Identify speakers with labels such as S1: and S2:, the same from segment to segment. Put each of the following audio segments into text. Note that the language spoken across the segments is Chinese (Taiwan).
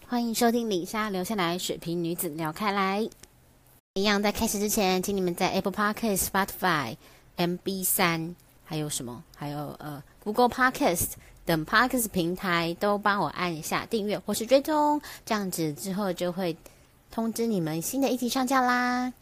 S1: 歡迎收聽《理紗琉下來》，水瓶女子聊開來。一樣在開始之前，請你們在 Apple Podcast、Spotify、MB3，還有什麼，還有呃 Google Podcast 等 Podcast 平台都幫我按一下訂閱或是追蹤，這樣子之後就會通知你們新的一集上架啦。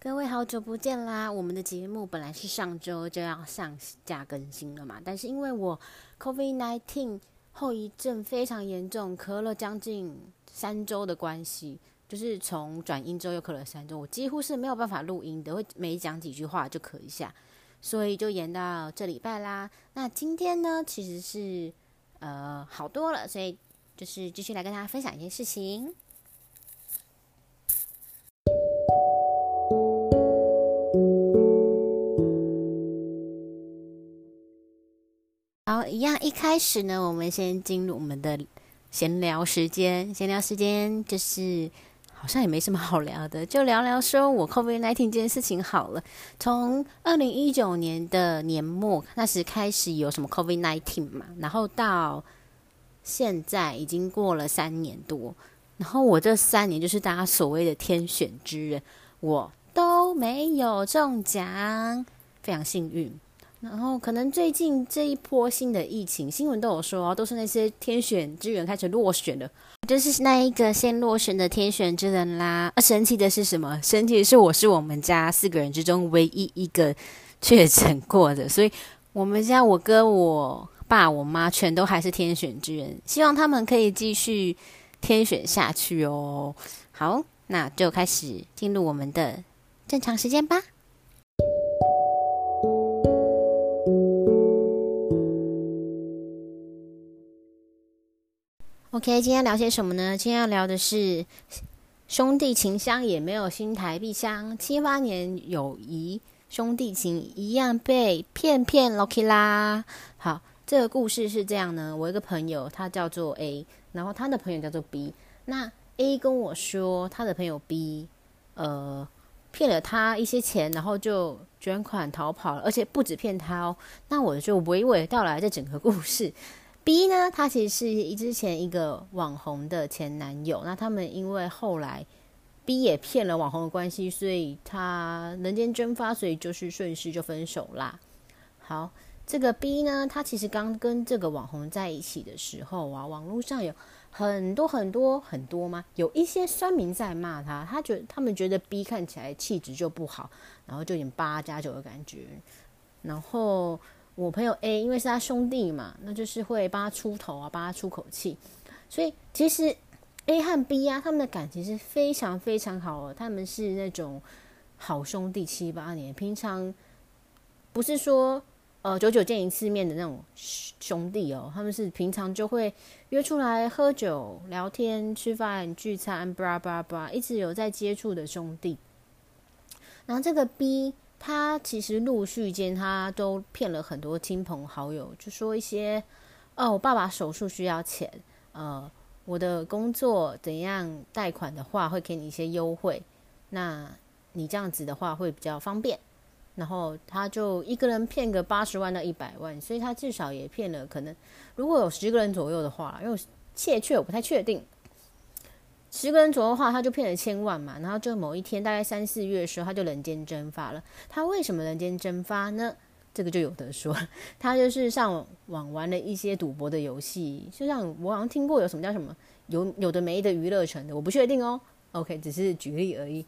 S1: 各位好久不見啦！我們的節目本來是上周就要上架更新了嘛，但是因為我 COVID-19。後遺症非常嚴重，咳了將近三周的關係，就是從轉陰之後又咳了三周，我幾乎是沒有辦法錄音的，會沒講幾句話就咳一下，所以就延到這禮拜啦。那今天呢，其實是呃好多了，所以就是繼續來跟大家分享一件事情。一樣，一開始呢，我們先進入我們的閒聊時間。閒聊時間就是好像也沒什麼好聊的，就聊聊說我 COVID nineteen 這件事情好了。從二零一九年的年末，那時開始有什麼 COVID 19嘛，然後到現在已經過了三年多，然後我這三年就是大家所謂的天選之人，我都沒有中獎，非常幸運。然後，可能最近這一波新的疫情，新聞都有說哦、啊，都是那些天選之人開始落選了，就是那一個先落選的天選之人啦。啊，神奇的是什麼？神奇的是，我是我們家四個人之中唯一一個確診過的，所以我們家我哥、我爸、我媽全都還是天選之人，希望他們可以繼續天選下去哦。好，那就開始進入我們的正常時間吧。OK，今天聊些什麼呢？今天要聊的是兄弟情香也沒有新台幣香，七八年友誼兄弟情一樣被騙騙 Lucky 啦。好，這個故事是這樣呢，我一個朋友他叫做 A，然後他的朋友叫做 B。那 A 跟我說他的朋友 B，呃，騙了他一些錢，然後就捲款逃跑了，而且不止騙他哦。那我就娓娓道來這整個故事。B 呢，他其實是一之前一個網紅的前男友，那他們因為後來 B 也騙了網紅的關係，所以他人間蒸發，所以就是順勢就分手啦。好，這個 B 呢，他其實剛跟這個網紅在一起的時候啊，網絡上有很多很多很多嘛，有一些酸民在罵他，他覺他們覺得 B 看起來氣質就不好，然後就有點八加九的感覺，然後。我朋友 A 因為是他兄弟嘛，那就是會幫他出頭啊，幫他出口氣，所以其實 A 和 B 啊，他們的感情是非常非常好，他們是那種好兄弟七八年，平常不是說呃久久見一次面的那種兄弟哦，他們是平常就會約出來喝酒、聊天、吃飯、聚餐，巴拉巴拉巴拉，一直有在接觸的兄弟。然後這個 B。他其實陸續間，他都騙了很多親朋好友，就說一些哦，我爸爸手術需要錢，呃，我的工作怎樣貸款的話，會給你一些優惠，那你這樣子的話會比較方便。然後他就一個人騙個八十萬到一百萬，所以他至少也騙了可能如果有十個人左右的話，因為確切我不太確定。十個人左右的話，他就騙了千萬嘛。然後就某一天，大概三四月的時候，他就人間蒸發了。他為什麼人間蒸發呢？這個就有得說，他就是上網玩了一些賭博的遊戲，就像我好像聽過有什麼叫什麼有有的沒的娛樂城的，我不確定哦。OK，只是舉例而已。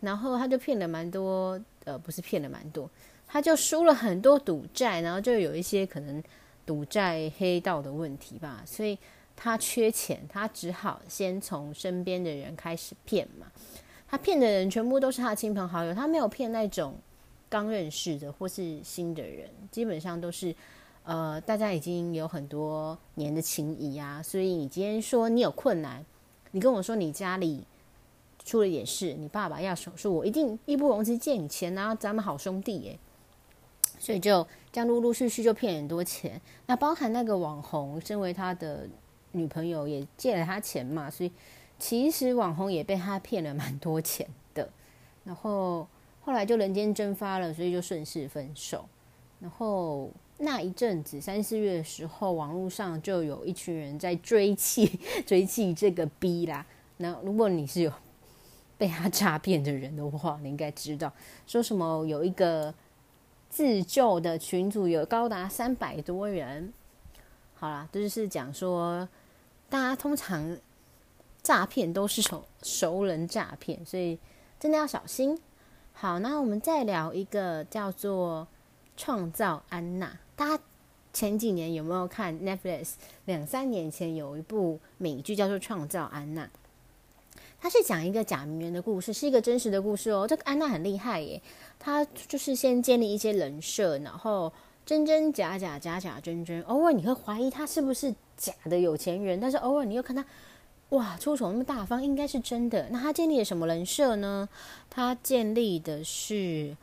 S1: 然後他就騙了蠻多，呃，不是騙了蠻多，他就輸了很多賭債，然後就有一些可能賭債黑道的問題吧，所以。他缺錢，他只好先從身邊的人開始騙嘛。他騙的人全部都是他的親朋好友，他沒有騙那種剛認識的或是新的人，基本上都是呃大家已經有很多年的情誼啊。所以你今天說你有困難，你跟我說你家裡出了點事，你爸爸要手術，我一定義不容辭借你錢，然後，咱們好兄弟耶。所以就這樣陸陸續續就騙很多錢，那包含那個網紅，身為他的。女朋友也借了他錢嘛，所以其實網紅也被他騙了蠻多錢的。然後後來就人間蒸發了，所以就順勢分手。然後那一陣子三四月的時候，網絡上就有一群人在追緝追緝這個 B 啦。那如果你是有被他詐騙的人的話，你應該知道說什麼有一個自救的群組有高達三百多人。好啦，這就是講說。大家通常詐騙都是熟熟人詐騙，所以真的要小心。好，那我們再聊一個叫做《創造安娜》。大家前幾年有沒有看 Netflix？兩三年前有一部美劇叫做《創造安娜》，它是講一個假名媛的故事，是一個真實的故事哦。這個安娜很厲害耶，她就是先建立一些人設，然後真真假假，假、假假真真，偶爾你會懷疑她是不是。假的有錢人，但是偶爾你又看他，哇，出手那麼大方，應該是真的。那他建立了什麼人設呢？他建立的是，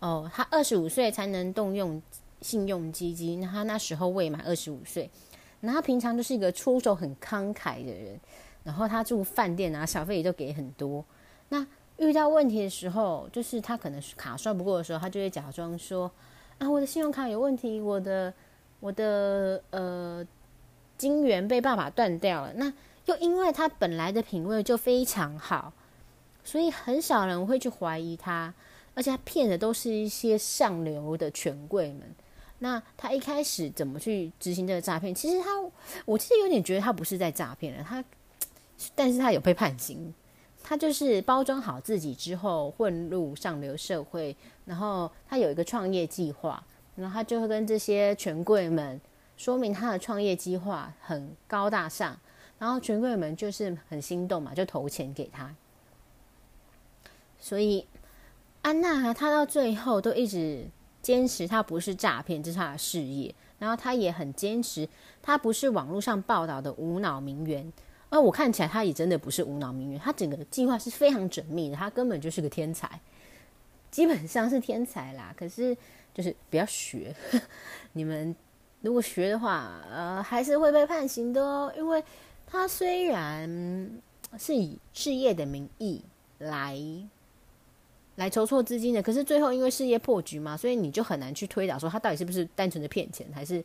S1: 哦，他二十五歲才能動用信用基金，那他那時候未滿二十五歲。那他平常就是一個出手很慷慨的人，然後他住飯店啊，小費也都給很多。那遇到問題的時候，就是他可能是卡刷不過的時候，他就會假裝說啊，我的信用卡有問題，我的，我的，呃。金援被爸爸斷掉了，那又因為他本來的品味就非常好，所以很少人會去懷疑他，而且他騙的都是一些上流的權貴們。那他一開始怎麼去執行這個詐騙？其實他，我其實有點覺得他不是在詐騙了，他，但是他有被判刑。他就是包裝好自己之後混入上流社會，然後他有一個創業計劃，然後他就會跟這些權貴們。說明他的創業計劃很高大上，然後權貴們就是很心動嘛，就投錢給他。所以安娜啊，她到最後都一直堅持，她不是詐騙，這是她的事業。然後她也很堅持，她不是網絡上報道的無腦名媛。而我看起來她也真的不是無腦名媛，她整個計劃是非常縝密的，她根本就是個天才，基本上是天才啦。可是就是不要學，呵呵，你們。如果學的話，呃，還是會被判刑的哦，因為，他雖然是以事業的名義來來籌措資金的，可是最後因為事業破局嘛，所以你就很難去推導說他到底是不是單純的騙錢，還是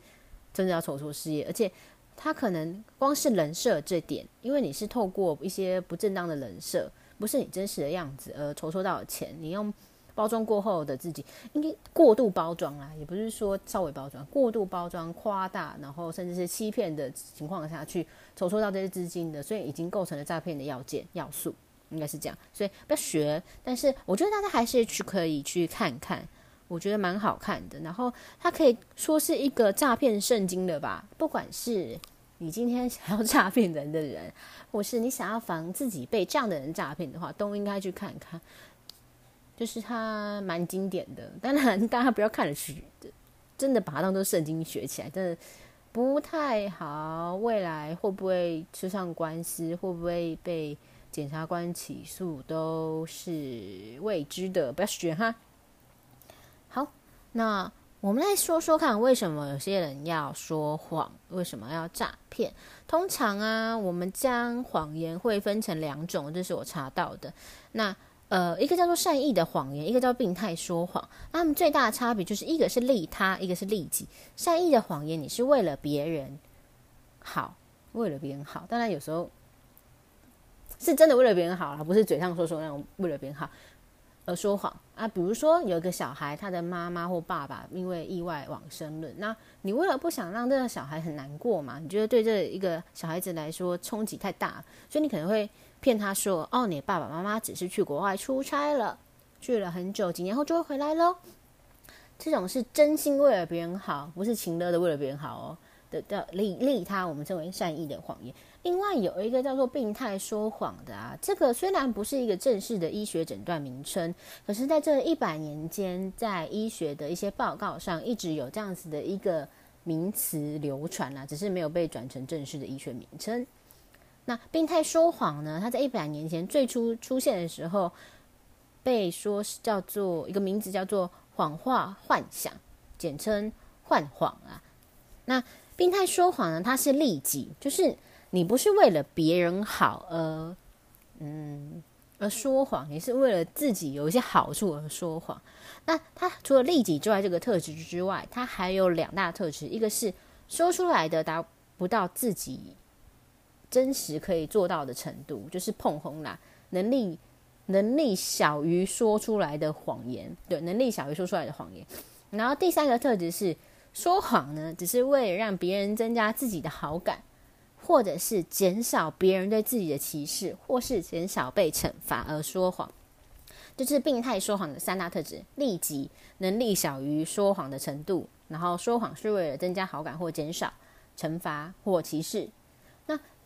S1: 真的要籌措事業，而且他可能光是人設這點，因為你是透過一些不正當的人設，不是你真實的樣子而籌措到了錢，你用。包裝過後的自己，應該過度包裝啦、啊，也不是說稍微包裝，過度包裝、誇大，然後甚至是欺騙的情況下去籌措到這些資金的，所以已經構成了詐騙的要件要素，應該是這樣。所以不要學，但是我覺得大家還是去可以去看看，我覺得蠻好看的。然後它可以說是一個詐騙聖經的吧，不管是你今天想要詐騙人的人，或是你想要防自己被這樣的人詐騙的話，都應該去看看。就是它蠻經典的，當然大家不要看了去，真的把它當做聖經學起來，真的不太好。未來會不會吃上官司，會不會被檢察官起訴，都是未知的。不要學哈。好，那我們來說說看，為什麼有些人要說謊？為什麼要詐騙？通常啊，我們將謊言會分成兩種，這是我查到的。那呃，一個叫做善意的謊言，一個叫病態說謊。那他們最大的差別就是，一個是利他，一個是利己。善意的謊言，你是為了別人好，為了別人好。當然有時候是真的為了別人好，而不是嘴上說說那種為了別人好而說謊啊。比如說，有一個小孩，他的媽媽或爸爸因為意外往生了，那你為了不想讓這個小孩很難過嘛，你覺得對這一個小孩子來說衝擊太大，所以你可能會。騙他說：“哦，你爸爸媽媽只是去國外出差了，去了很久，幾年後就會回來咯。”這種是真心為了別人好，不是情勒的為了別人好哦的叫利利他，我們稱為善意的謊言。另外有一個叫做病態說謊的啊，這個雖然不是一個正式的醫學診斷名稱，可是在這一百年間，在醫學的一些報告上一直有這樣子的一個名詞流傳啊，只是沒有被轉成正式的醫學名稱。那病態說謊呢？它在一百年前最初出現的時候，被說是叫做一個名字叫做“謊話幻想”，簡稱“幻謊”啊。那病態說謊呢？它是利己，就是你不是為了別人好而，嗯，而說謊，你是為了自己有一些好處而說謊。那它除了利己之外，這個特質之外，它還有兩大特質，一個是說出來的達不到自己。真實可以做到的程度，就是碰紅啦，能力，能力小於說出來的謊言。對，能力小於說出來的謊言。然後第三個特質是說謊呢，只是為了讓別人增加自己的好感，或者是減少別人對自己的歧視，或是減少被懲罰而說謊。這，就是病態說謊的三大特質：利己能力小於說謊的程度，然後說謊是為了增加好感或減少懲罰或歧視。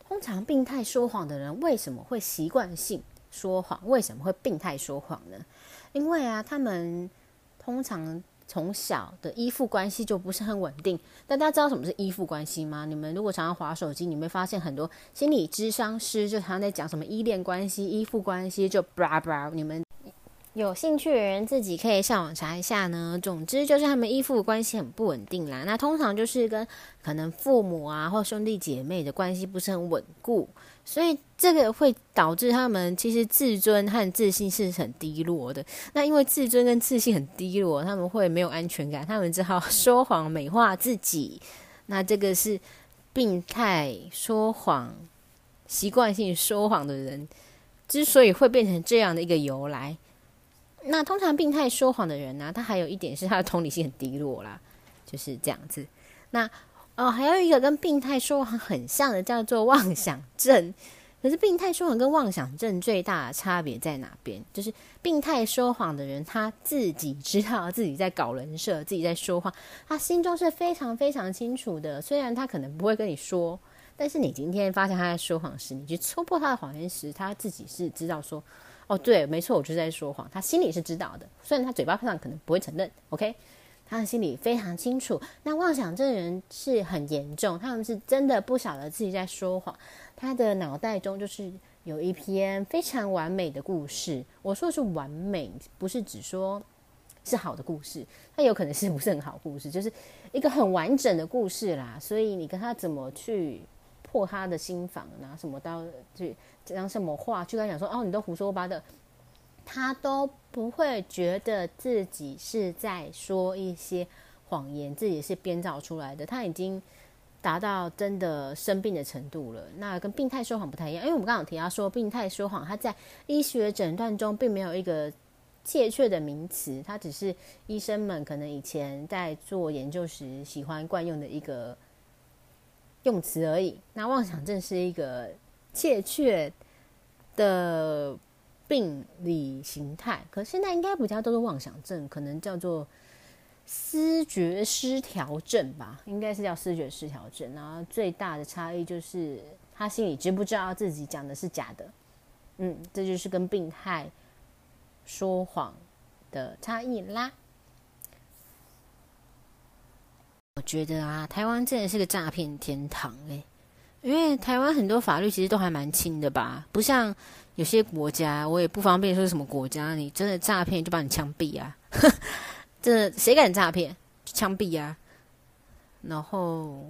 S1: 通常病態說謊的人為什麼會習慣性說謊？為什麼會病態說謊呢？因為啊，他們通常從小的依附關係就不是很穩定。但大家知道什麼是依附關係嗎？你們如果常常滑手機，你們會發現很多心理諮商師就常常在講什麼依戀關係、依附關係，就 blah blah 你們。有興趣的人自己可以上網查一下呢。總之，就是他們依附關係很不穩定啦。那通常就是跟可能父母啊，或兄弟姐妹的關係不是很穩固，所以這個會導致他們其實自尊和自信是很低落的。那因為自尊跟自信很低落，他們會沒有安全感，他們只好說謊美化自己。那這個是病態說謊、習慣性說謊的人之所以會變成這樣的一個由來。那通常病態說謊的人呢，啊，他還有一點是他的同理心很低落啦，就是這樣子。那哦，還有一個跟病態說謊很像的叫做妄想症。可是病態說謊跟妄想症最大的差別在哪邊？就是病態說謊的人他自己知道自己在搞人設，自己在說謊，他心中是非常非常清楚的。雖然他可能不會跟你說，但是你今天發現他在說謊時，你去戳破他的謊言時，他自己是知道說。哦，對，沒錯，我就是在說謊。他心裡是知道的，雖然他嘴巴上可能不會承認。OK，他的心裡非常清楚。那妄想症人是很嚴重，他們是真的不曉得自己在說謊。他的腦袋中就是有一篇非常完美的故事。我說的是完美，不是只說是好的故事，他有可能是不是很好的故事，就是一個很完整的故事啦。所以你跟他怎麼去？破他的心房，拿什麼刀去講什麼話？去跟他講說，哦，你都胡說八道，他都不會覺得自己是在說一些謊言，自己是編造出來的。他已經達到真的生病的程度了。那跟病態說謊不太一樣，因為我們剛剛有提到說，病態說謊，他在醫學診斷中並沒有一個確切的名詞，他只是醫生們可能以前在做研究時喜歡慣用的一個。用詞而已，那妄想症是一個確切的病理形態。可現在應該不叫做妄想症，可能叫做思覺失調症吧，應該是叫思覺失調症。然後最大的差異就是他心裡知不知道自己講的是假的。嗯，這就是跟病態說謊的差異啦。我覺得啊，台灣真的是個詐騙天堂哎、欸，因為台灣很多法律其實都還蠻輕的吧，不像有些國家，我也不方便說什麼國家，你真的詐騙就把你槍斃啊， 真的誰敢詐騙就槍斃啊。然後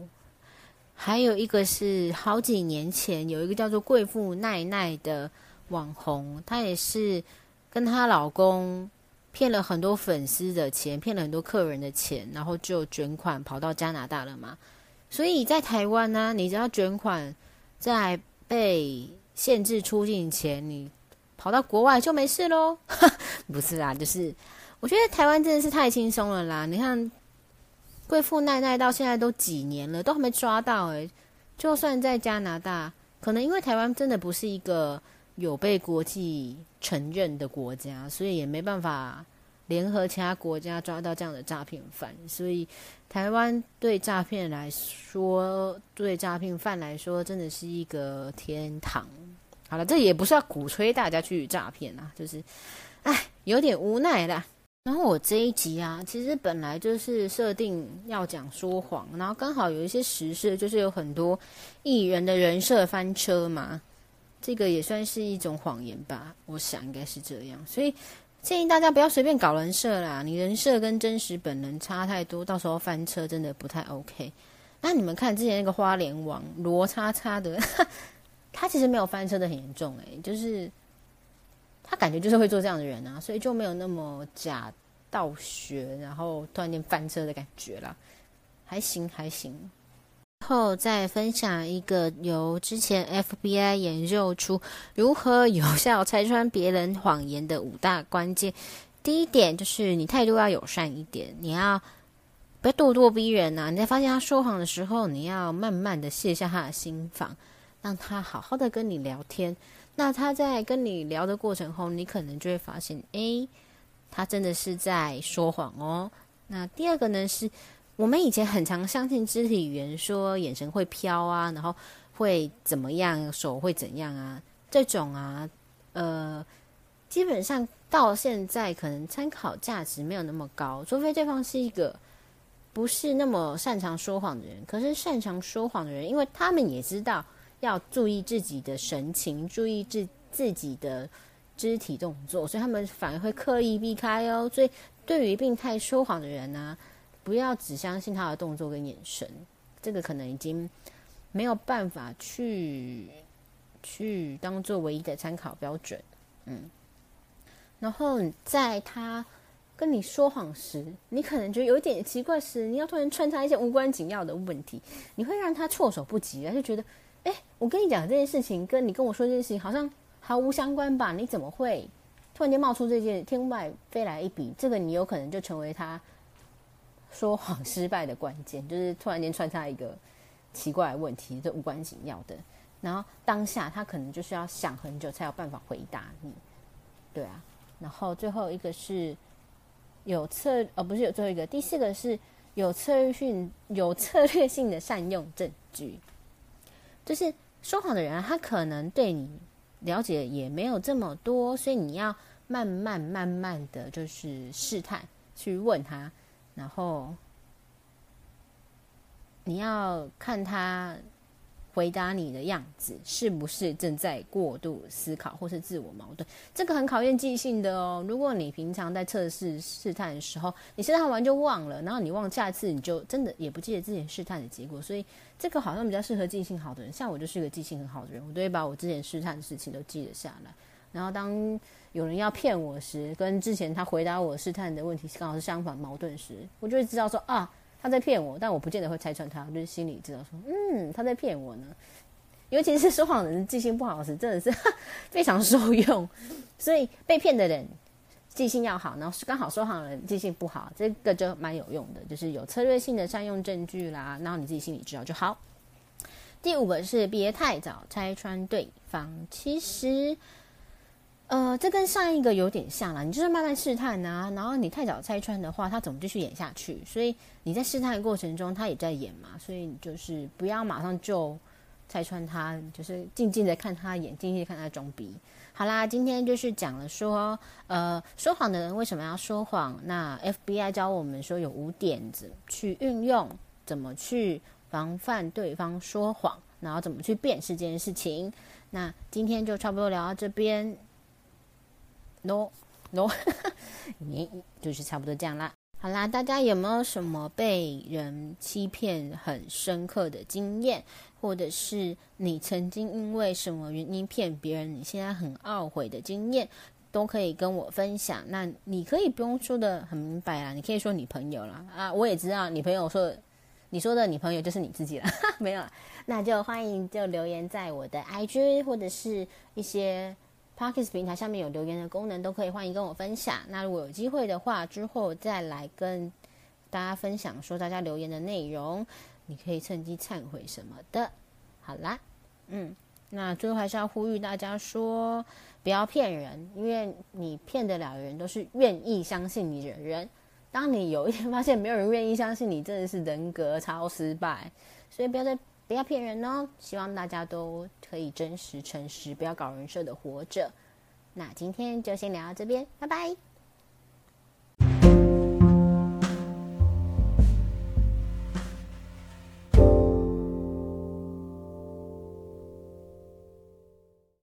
S1: 還有一個是好幾年前有一個叫做貴婦奈奈的網紅，她也是跟她老公。騙了很多粉絲的錢，騙了很多客人的錢，然後就捲款跑到加拿大了嘛。所以在台灣呢、啊，你只要捲款，在被限制出境前，你跑到國外就沒事嘍。 不是啦，就是我覺得台灣真的是太輕鬆了啦。你看貴婦奈奈到現在都幾年了，都還沒抓到哎、欸。就算在加拿大，可能因為台灣真的不是一個。有被國際承認的國家，所以也沒辦法聯合其他國家抓到這樣的詐騙犯。所以台灣對詐騙來說，對詐騙犯來說，真的是一個天堂。好了，這也不是要鼓吹大家去詐騙啊，就是，哎，有點無奈啦。然後我這一集啊，其實本來就是設定要講說謊，然後剛好有一些時事，就是有很多藝人的人設翻車嘛。這個也算是一種謊言吧，我想應該是這樣，所以建議大家不要隨便搞人設啦。你人設跟真實本人差太多，到時候翻車真的不太 OK。那你們看之前那個花蓮王羅叉叉的，他其實沒有翻車的很嚴重，欸，哎，就是他感覺就是會做這樣的人啊，所以就沒有那麼假道學，然後突然間翻車的感覺啦，還行還行。然後再分享一個由之前 FBI 研究出如何有效拆穿別人謊言的五大關鍵。第一點就是你態度要友善一點，你要不要咄咄逼人呢？啊？你在發現他說謊的時候，你要慢慢的卸下他的心防，讓他好好的跟你聊天。那他在跟你聊的過程中，你可能就會發現，誒，他真的是在說謊哦。那第二個呢是。我們以前很常相信肢體語言，說眼神會飄啊，然後會怎麼樣，手會怎樣啊，這種啊，呃，基本上到現在可能參考價值沒有那麼高，除非對方是一個不是那麼擅長說謊的人。可是擅長說謊的人，因為他們也知道要注意自己的神情，注意自自己的肢體動作，所以他們反而會刻意避開哦。所以對於病態說謊的人呢？啊？不要只相信他的動作跟眼神，這個可能已經沒有辦法去去當做唯一的參考標準。嗯，然後在他跟你說謊時，你可能覺得有一點奇怪時，時你要突然穿插一些無關緊要的問題，你會讓他措手不及，他就覺得，哎、欸，我跟你講這件事情，跟你跟我說這件事情好像毫無相關吧？你怎麼會突然間冒出這件天外飛來一筆？這個你有可能就成為他。說謊失敗的關鍵就是突然間穿插一個奇怪的問題，這無關緊要的。然後當下他可能就是要想很久才有辦法回答你，對啊。然後最後一個是有策呃、哦，不是有最後一個，第四個是有策略性、有策略性的善用證據。就是說謊的人，他可能對你了解也沒有這麼多，所以你要慢慢、慢慢的就是試探去問他。然後，你要看他回答你的樣子，是不是正在過度思考或是自我矛盾？這個很考驗記性的哦。如果你平常在測試試探的時候，你試探完就忘了，然後你忘了，下次你就真的也不記得之前試探的結果。所以，這個好像比較適合記性好的人。像我就是一個記性很好的人，我都會把我之前試探的事情都記得下來。然後，當有人要騙我時，跟之前他回答我試探的問題剛好是相反矛盾時，我就會知道說啊，他在騙我。但我不見得會拆穿他，我就是、心裡知道說，嗯，他在騙我呢。尤其是說謊人記性不好時，真的是非常受用。所以被騙的人記性要好，然後剛好說謊人記性不好，這個就蠻有用的，就是有策略性的善用證據啦。然後你自己心裡知道就好。第五個是別太早拆穿對方，其實。呃，這跟上一個有點像啦。你就是慢慢試探啊，然後你太早拆穿的話，他怎麼繼續演下去？所以你在試探的過程中，他也在演嘛，所以你就是不要馬上就拆穿他，就是靜靜的看他演，靜靜的看他裝逼。好啦，今天就是講了說，呃，說謊的人為什麼要說謊？那 FBI 教我們說有五點子去運用，怎麼去防範對方說謊，然後怎麼去辨識這件事情。那今天就差不多聊到這邊。No，No，你 no, 就是差不多這樣啦。好啦，大家有沒有什麼被人欺騙很深刻的經驗，或者是你曾經因為什麼原因騙別人，你現在很懊悔的經驗，都可以跟我分享。那你可以不用說得很明白啦，你可以說你朋友啦。啊，我也知道你朋友說你說的你朋友就是你自己啦，沒有了，那就歡迎就留言在我的 IG 或者是一些。Podcast 平台下面有留言的功能，都可以歡迎跟我分享。那如果有機會的話，之後再來跟大家分享說大家留言的內容，你可以趁機懺悔什麼的。好啦，嗯，那最後還是要呼籲大家說，不要騙人，因為你騙得了的人都是願意相信你的人、人。當你有一天發現沒有人願意相信你，真的是人格超失敗，所以不要再不要騙人哦。希望大家都。可以真實、誠實，不要搞人設的活着。那今天就先聊到這邊，拜拜。